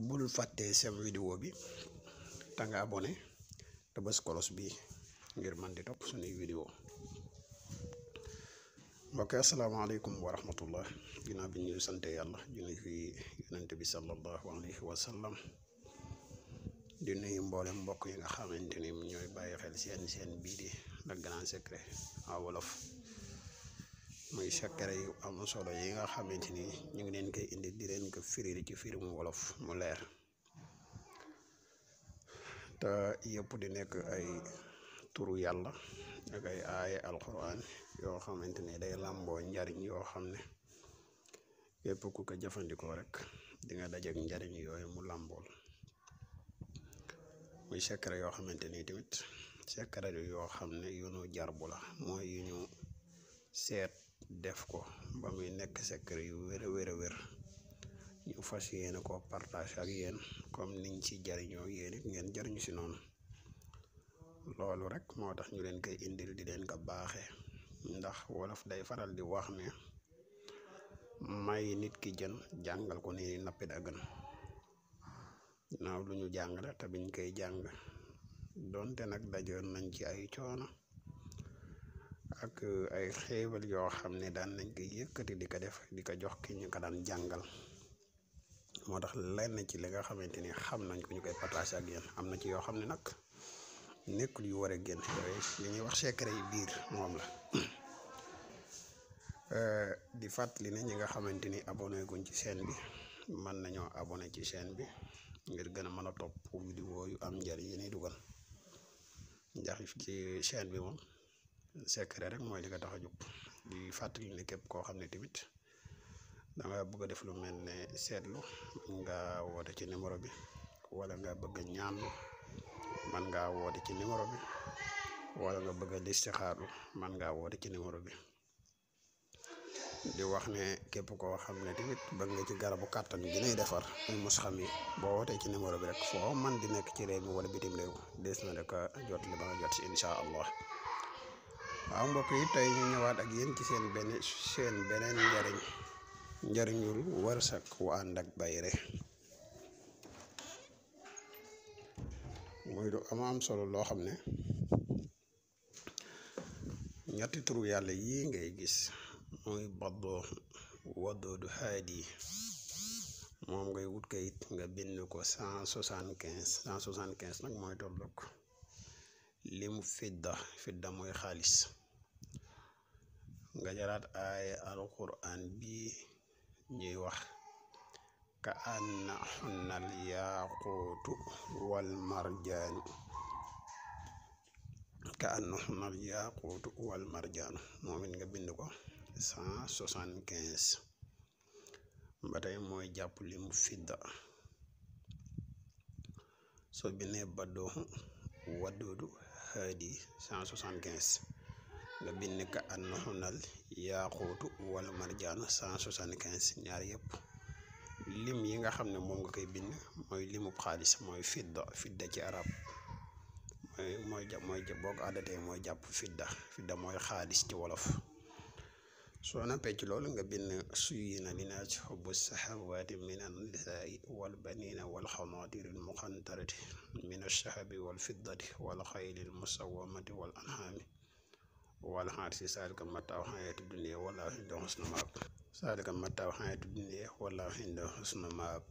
bul fatte sem video bi te nga abonné te bës kolos bi ngir man di topp suñuy vidéo mbokk alaykum wa rahmatullah ginnaaw bi ñu sante yàlla julli fi yonente bi sallallahu alayhi wa sallam di nuy mbolé mbokk yi nga xamanteni ñoy baye xel seen seen bi di la grand secret a wolof mooy sakkare yu am solo yi nga xamante ni ñu ngi leen koy indi di leen ko firil ci firmu wolof mu leer te yëpp di nekk ay turu yàlla ak ay aaye alxuraan yoo xamante ni day làmboo njariñ yoo xam ne képp ku ko jëfandikoo rek di nga dajeek njariñ yooyu mu làmbool muy sekkare yoo xamante ni tamit sekkare yoo xam ne yu nu jarbu la mooy yu ñu seet def ko ba muy nekk kër yu wér a wér a wér ñu fas ko partage ak yéen comme niñ ci jariñoo yéen it ngeen jariñu si noonu loolu rek moo tax ñu leen koy indil di leen ko baaxee ndax wolof day faral di wax ne may nit ki jën jàngal ko ni nappi da gën naaw lu ñu jàng la te biñ koy jàng donte nag dajoon nañ ci ay coono ak ay xéewal yoo xam ne daan nañ ko yëkkati di ko def di ko jox ki ñu ko daan jàngal moo tax lenn ci li nga xamante ni xam nañ ko ñu koy partage ak yéen am na ci yoo xam ne nag nekkul yu war a génn yooyu li ñuy wax secret yi biir moom la euh, di fàttali ne ñi nga xamante ni abonné guñ ci chaîne bi mën nañoo abonné ci chaîne bi ngir gën a mën a topp di woo yu am njariñ yi ñuy dugal ndax ci chaîne bi moom secret rek mooy li nga tax di fàttali ne képp koo xam ne tamit da nga bëgg a def lu mel ne seetlu mën ngaa woote ci numéro bi wala nga bëgg a ñaanlu mën ngaa woote ci numéro bi wala nga bëgg a listixaaru mën ngaa woote ci numéro bi di wax ne képp koo xam ne tamit bëgg nga ci garabu kàttan gi lay defar muy mos xam yi boo wootee ci numéro bi rek foo man di nekk ci réew mi wala bitim réew des na rek jot li ba nga jot si incha allah hambo ko yitta ñu ñëwaat ak yéen ci seen bene seen beneen njariñ njariñul warsak wu ànd ak bayre muy du ama am solo loo xam ne ñetti turu yàlla yii ngay gis muy baddo wadoodu haadi moom ngay wut kayit nga bind ko cent soixante quinze cent soixante quinze nag mooy tollok limu fidda fidda mooy xaalis nga jëlaat aaya bi ñuy wax ka anna xunnal yaaquutu wal marjaanu ka anna xunnal yaaquutu wal marjaanu moom nga bind cent quinze ba mooy jàpp limu fidda soo bindee badooxu wadduudu haadi cent quinze nga bind ka annaxunal yaaxuutu wala marjaanu cent soixante quinze ñaar yëpp lim yi nga xam ne moom nga koy bind mooy limub xaalis mooy fidda fidda ci arab mooy mooy mooy boo ko àddatee mooy jàpp xaalis ci wolof soo nappee ci loolu nga bind suyina linaaj xubbu saxawaati min an wal baniina wal xanaatiri l min ash wal fiddati wal xayli l musawamati wal anhaami wal xaarsi saalika mataaw xayaatu mataaw xayaatu dunya wallaahu inda xusna maab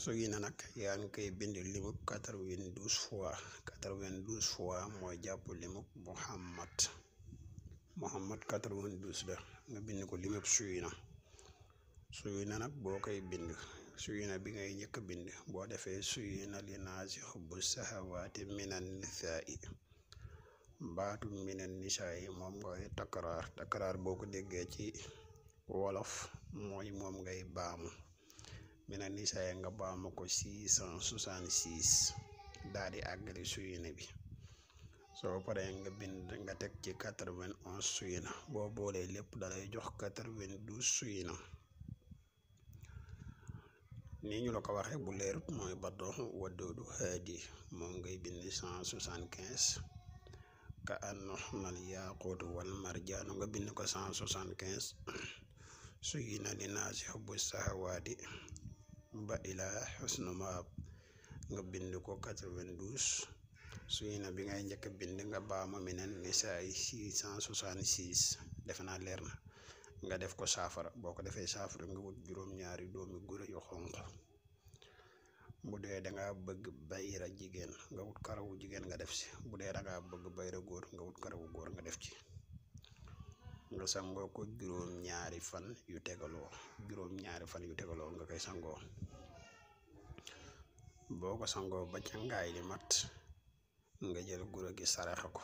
su gi na nag yaa ngi koy bind limub quatre-vingt-douze fois mooy jàpp limub Muhammad Muhammad quatre-vingt-douze la nga bind ko limub suy na suy boo koy bind suy bi ngay njëkk bind boo defee suy li naasi xubbu sahawaati minan nisaa'i baatu minen nisaa yi moom ngay takkaraar takkaraar boo ko déggee ci wolof mooy moom ngay baamu minen nga baamu ko six cent soixante daal di àggali suyina bi soo paree nga bind nga teg ci quatre vingt boo boolee lépp dalay jox quatre vingt douze suyina ñu la ko waxee bu leerut mooy baddo wadoodu haadi moom ngay bind cent soixante quinze ka alnoxmal yaaquut wal no nga bind ko 175 suyina li naasi xubbu sahawaati ba ila xusnu maab nga bind ko 92 suyina bi ngay njëkk bind nga baama minen nisaa yi six cent soixante leer na nga def ko saafara boo ko defee saafara nga wut juróom-ñaari doomi gura yu xonq bu dee danga bëgg bayra ji nga wut karawu jigéen nga def ci bu dee gur, bëgg ra góor nga wut karawu góor nga def ci nga sangoo ko juróom-ñaari fan yu tegaloo juróom-ñaari fan yu tegaloo nga koy sangoo boo ko sangoo ba ngaay li mat nga jël gura gi saraxa ko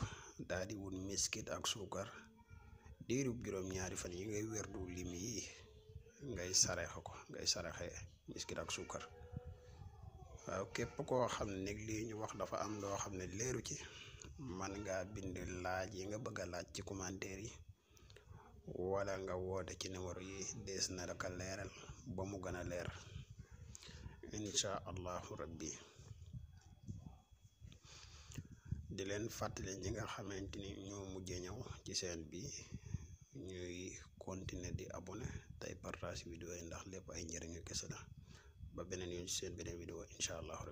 di wut miskit ak suukar diru juróom-ñaari fan yi ngay werdu lim yi ngay saraxa ko ngay miskit ak suukar waaw képp koo xam ne lii ñu wax dafa am loo xam ne leeru ci man ngaa bind laaj yi nga bëgg laaj ci commentaire yi wala nga woote ci numéro yi des na la ko leeral ba mu gën a leer incha allahu rabbi di leen fàttali ñi nga xamante ni ñoo mujje ñëw ci seen bi ñuy continuer di abonné tey partage vidéo yi ndax lépp ay njëriñu kese la ba beneen yoon ci seen beneen vidéo incha allah.